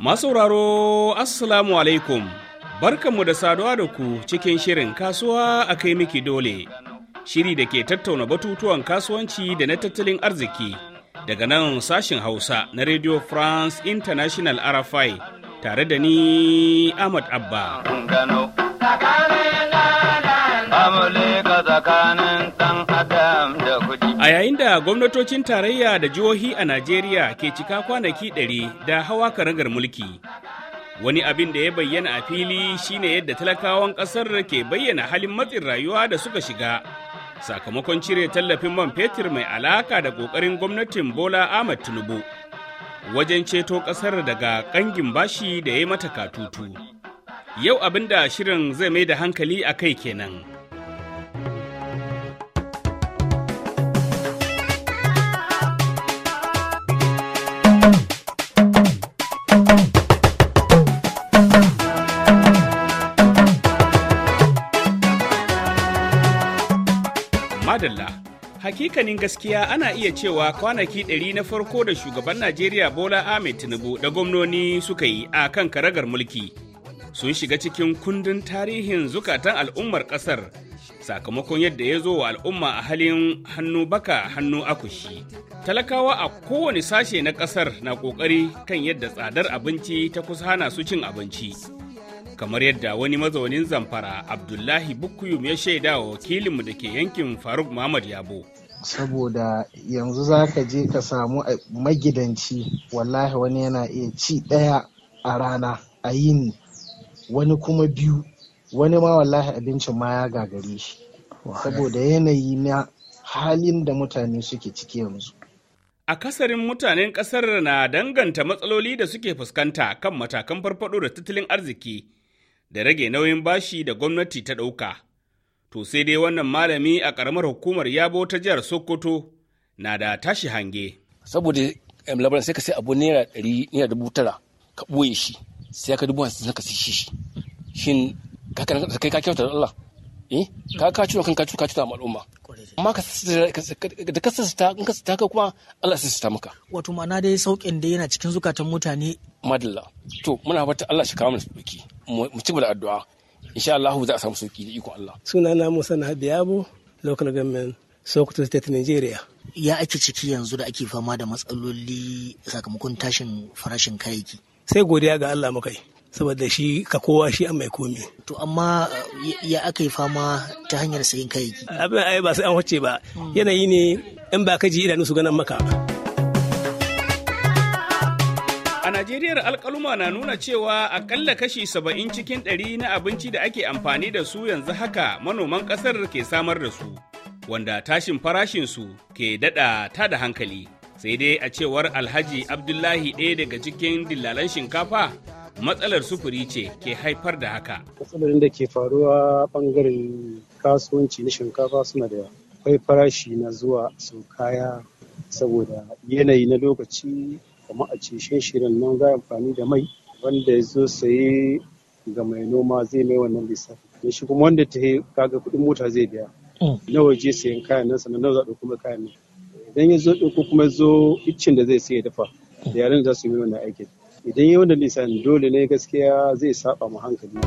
Masauraro Assalamu alaikum, barkanmu da saduwa da ku cikin shirin kasuwa a kai miki dole, shiri da ke tattauna batutuwan kasuwanci da na tattalin arziki daga nan sashin Hausa na Radio France International RFI tare da ni Ahmad Abba. A yayin da gwamnatocin tarayya da jihohi a Najeriya ke cika kwanaki ɗari da hawa karagar mulki. Wani abin da ya bayyana a fili shine yadda talakawan ƙasar ke bayyana halin matsin rayuwa da suka shiga. Sakamakon cire tallafin man fetur mai alaka da ƙoƙarin gwamnatin Bola Ahmad Tinubu. Wajen ceto ƙasar daga ƙangin bashi da ya yi mata katutu. Yau abin da shirin zai mai da hankali a kai kenan. Madalla. Hakikanin gaskiya ana iya cewa kwanaki ɗari na farko da shugaban Najeriya Bola Ahmed Tinubu da gwamnoni suka yi a kan karagar mulki sun shiga cikin kundin tarihin zukatan al'ummar ƙasar sakamakon yadda ya zo wa al'umma a halin hannu baka hannu akushi. Talakawa a kowane sashe na ƙasar na ƙoƙari kan yadda tsadar abinci ta kusa hana su cin abinci. Kamar yadda wani mazaunin zamfara Abdullahi bukuyum ya shaida wa wakilinmu da ke yankin Faruk Muhammad Yabo. Saboda yanzu za ka je ka samu magidanci, wallahi wani yana iya ci ɗaya a rana a yini wani kuma biyu wani ma wallahi abincin ma ya gagare shi saboda yanayi na halin da mutane suke ciki yanzu akasarin mutanen kasar na danganta matsaloli da suke fuskanta kan matakan farfado da tattalin arziki da rage nauyin bashi da gwamnati ta ɗauka. To sai dai wannan malami a ƙaramar hukumar Yabo ta jihar Sokoto na da tashi hange. Saboda labaran sai ka sai abu naira ɗari dubu tara ka ɓoye shi sai ka dubu hamsin ka sishi shi shin ka kai ka kyauta Allah eh ka ka ciwo kan ka ciwo ka al'umma amma ka da ka sasta in ka sasta ka kuma Allah sai sasta maka wato ma'ana dai saukin da yana cikin zukatan mutane madalla to muna fata Allah shi kawo mu sauki mu ci da addu'a insha Allah za a samu sauki da ikon Allah sunana Musa na Habiyabo, local government Sokoto State Nigeria ya ake ciki yanzu da ake fama da matsaloli sakamakon tashin farashin kayayyaki sai godiya ga Allah mukai saboda shi ka kowa shi an mai komi. To amma ya aka yi fama ta hanyar sayin kayayyaki. Abin ai ba sai an wace ba yanayi ne in ba ka ji idanu su ganin maka. A Najeriya alkaluma na nuna cewa akalla kashi saba'in cikin ɗari na abinci da ake amfani da su yanzu haka manoman ƙasar ke samar da su, wanda tashin farashinsu ke daɗa ta da hankali. sai dai a cewar alhaji abdullahi ɗaya daga cikin dillalan shinkafa matsalar sufuri ce ke haifar da haka matsalolin da ke faruwa bangaren kasuwanci na shinkafa suna da kwai akwai farashi na zuwa sau kaya saboda yanayi na lokaci kuma a ce shirin nan za amfani da mai wanda ya zo saye ga mai noma zai mai wannan lissafi da shi kuma wanda ta kaga kuɗin mota zai biya mm. nawa waje sayan kayan nan sannan na za kuma kayan nan idan ya zo ko kuma zo iccen da zai sai dafa da yaran za su yi wannan aikin idan ya wannan nisan dole ne gaskiya zai saba mu hankali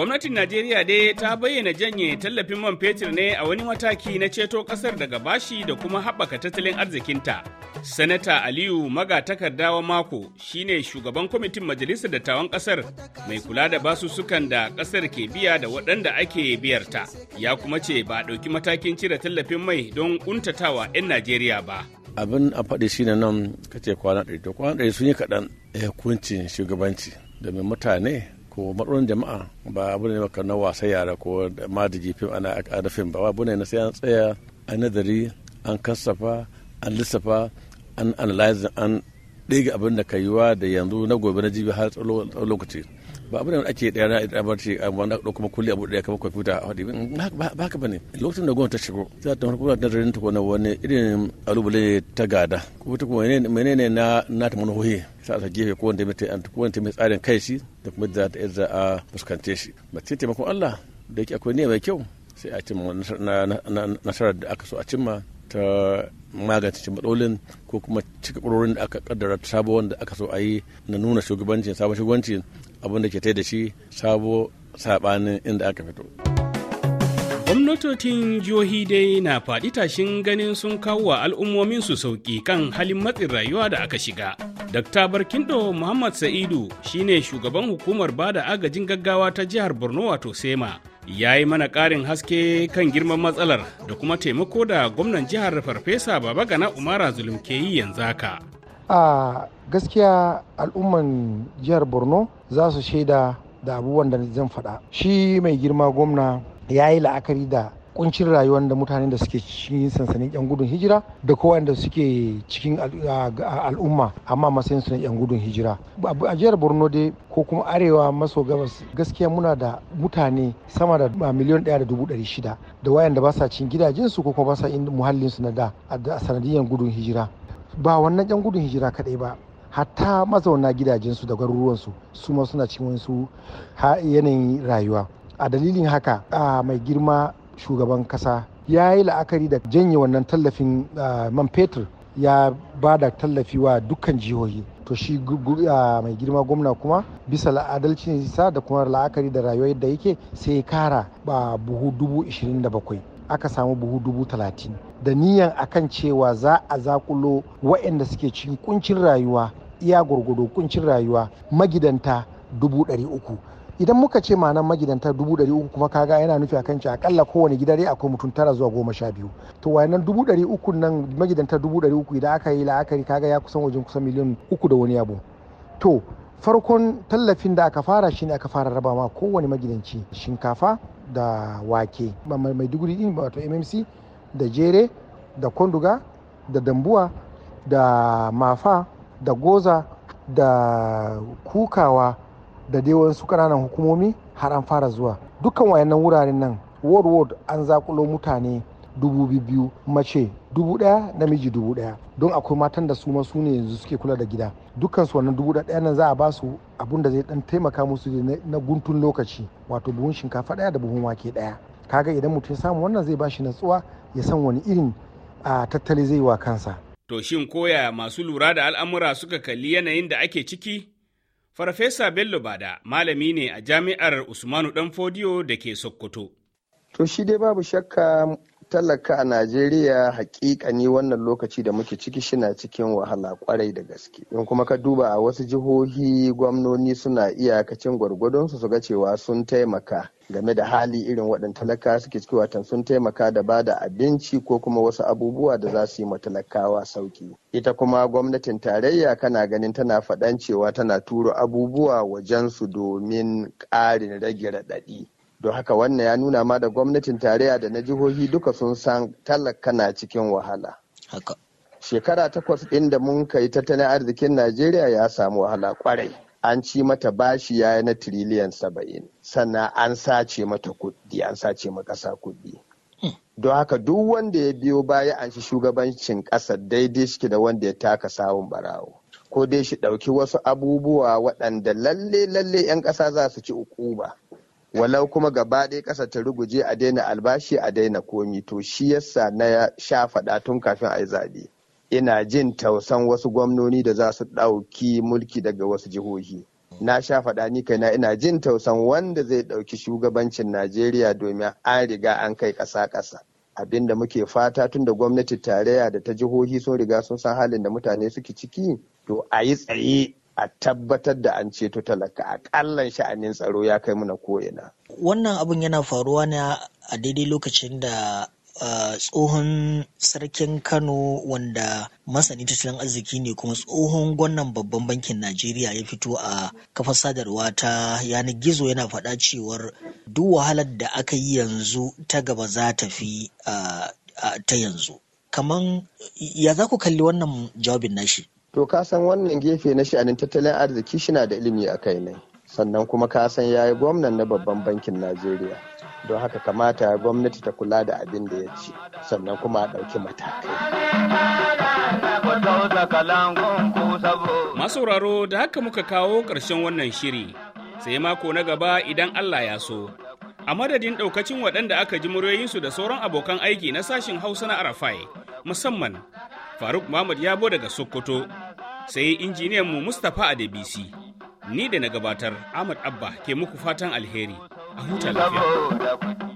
Gwamnatin Najeriya dai ta bayyana janye tallafin man fetur ne a wani mataki na ceto kasar daga bashi da kuma haɓaka tattalin arzikinta. Sanata Aliyu magatakardawa mako shine shugaban kwamitin majalisar dattawan ƙasar mai kula da basussukan da ƙasar ke biya da waɗanda ake biyarta. Ya kuma ce ba a ɗauki matakin cire tallafin mai don ƙuntatawa 'yan Najeriya ba. Abin a faɗi shine nan kace kwana ɗari to kwana ɗari sun yi kaɗan eh, hukuncin shugabanci da mai mutane ko matsalolin jama'a ba abu ne maka na wasa yara ko ma da jifin ana a ƙarfin ba abu ne na sai an tsaya an nazari an kasafa an lissafa an analyze an ɗiga abin da ka yiwa da yanzu na gobe na jibi har lokaci ba abu da ake daya na ita barci a amma na kuma kulli abu daya kama kwamfuta a haɗi ba ka bane lokacin da gwamnati ta shigo za ta farko da nazarin ta kona wani irin alubale ta gada ko ta kuma ne na na ta manuhohi sa ta gefe ko wanda mai an ko wanda mai tsarin kai shi da kuma za ta za a fuskance shi mace taimakon Allah da yake akwai ne mai kyau sai a cimma nasarar da aka so a cimma ta magance matsalolin ko kuma cika ƙurorin da aka kaddara ta sabo wanda aka so a yi na nuna shugabancin sabon shugabanci abinda ke tai shi sabo sabanin inda aka fito. gwamnatocin jihohi dai na faɗi tashin ganin sun kawo wa al'ummomin su sauƙi kan halin matsin rayuwa da aka shiga. Dr. Barkindo Muhammad Sa'idu shine shugaban hukumar bada agajin gaggawa ta jihar Borno wato Sema. ya yi mana ƙarin haske kan girman matsalar da kuma taimako da gwamnan jihar farfesa baba gana umara zulum ke yi yanzu haka a gaskiya al'umman jihar borno za su shaida da abubuwan da zan faɗa shi mai girma gwamna ya yi la'akari da kuncin rayuwar da mutanen da suke cikin sansanin yan gudun hijira da kowa da suke cikin al'umma amma masayin su na yan gudun hijira a jihar borno dai ko kuma arewa maso gabas gaskiya muna da mutane sama da miliyan ɗaya da dubu ɗari shida da wayan da ba sa cin gidajensu ko kuma ba sa muhallin su na da a sanadiyyar gudun hijira ba wannan yan gudun hijira kaɗai ba hatta mazauna gidajensu da garuruwansu su ma suna cikin wasu yanayin rayuwa a dalilin haka a mai girma shugaban kasa ya yi la'akari da janye wannan tallafin man fetur ya ba da tallafi wa dukkan jihohi to shi mai girma gwamna kuma bisa adalci ne sa da kuma la'akari da rayuwar da yake sai ya kara ba buhu dubu ishirin da bakwai aka samu buhu dubu talatin da niyan akan cewa za a zakulo waɗanda suke cikin kuncin rayuwa iya gwargwado kuncin rayuwa magidanta dubu ɗari uku idan muka ce nan magidanta dubu ɗari uku kuma kaga yana nufi akan ci akalla kowane gida dai akwai mutum tara zuwa goma sha biyu to wayannan dubu ɗari uku nan magidanta dubu ɗari uku idan aka yi la'akari kaga ya kusan wajen kusan miliyan uku da wani abu to farkon tallafin da aka fara shine aka fara raba ma kowane magidanci shinkafa da wake maiduguri din wato mmc da jere da kwanduga da dambuwa da mafa da goza da kukawa da dai wasu kananan hukumomi har an fara zuwa dukkan wayannan wuraren nan world world an zakulo mutane dubu biyu mace dubu daya namiji dubu daya don akwai matan da su ma ne yanzu suke kula da gida dukkan su wannan dubu daya nan za a ba su abun da zai dan taimaka musu na guntun lokaci wato buhun shinkafa daya da buhun wake daya kaga idan mutum ya samu wannan zai bashi natsuwa ya san wani irin a tattali zai wa kansa to shin koya masu lura da al'amura suka kalli yanayin da ake ciki Farfesa Bello Bada malami ne a jami'ar Usmanu Danfodiyo da ke Sokoto. To shi dai babu shakka talaka a najeriya hakikani wannan lokaci da muke ciki shina cikin wahala kwarai da gaske in kuma ka duba a wasu jihohi gwamnoni suna iyakacin gwargwadon su ga cewa sun taimaka game da hali irin waɗanda talaka suke ciki watan sun taimaka da ba da abinci ko kuma wasu abubuwa da za su yi matalakawa sauki ita kuma gwamnatin tarayya kana ganin tana faɗan cewa tana turo abubuwa wajen su domin ƙarin rage raɗaɗi don haka wannan ya nuna ma da gwamnatin tarayya da na jihohi duka sun san talaka na cikin wahala haka shekara takwas ɗin da mun kai tattalin arzikin najeriya ya samu wahala kwarai an ci mata bashi ya yi na tiriliyan saba'in sannan an sace mata kuɗi an sace ma ƙasa kuɗi hmm. don haka duk wanda ya biyo baya an shi shugabancin ƙasa daidai shi da wanda ya taka sawun barawo ko dai shi ɗauki wasu abubuwa waɗanda lalle lalle 'yan ƙasa za su ci ba. walau kuma gaba ɗaya ƙasa ta ruguje a daina albashi a daina komi to shi yasa na sha faɗa tun kafin a yi zaɓe ina jin tausan wasu gwamnoni da za su ɗauki mulki daga wasu jihohi na sha faɗa ni kaina ina jin tausan wanda zai ɗauki shugabancin najeriya domin an riga an kai ƙasa ƙasa abin da muke fata tun da gwamnati tarayya da ta jihohi sun riga sun san halin da mutane suke ciki to a yi tsaye a tabbatar da an ceto talaka akallan sha'anin tsaro ya kai muna ko'ina. Wannan abin yana faruwa ne a daidai lokacin da tsohon sarkin Kano wanda masani tattalin arziki ne kuma tsohon gwannan babban bankin Najeriya ya fito a kafar sadarwa ta yanar gizo yana faɗa cewar duk wahalar da aka yi yanzu ta gaba za ta fi ta yanzu. Kaman ya za ku kalli wannan jawabin nashi? to ka san wannan gefe na sha'anin tattalin arziki shina da ilimi a kai ne sannan kuma ka san ya yi gwamnan na babban bankin najeriya don haka kamata gwamnati ta kula da abin da ya ci sannan kuma a ɗauki matakai masauraro da haka muka kawo ƙarshen wannan shiri sai mako na gaba idan allah ya so a madadin ɗaukacin waɗanda aka ji muryoyinsu da sauran abokan aiki na sashin hausa na arafai musamman Faruk Muhammad Yabo daga Sokoto, sai mu Mustapha a Adebisi. Ni da na gabatar, Ahmad Abba ke muku fatan alheri, a huta lafiya.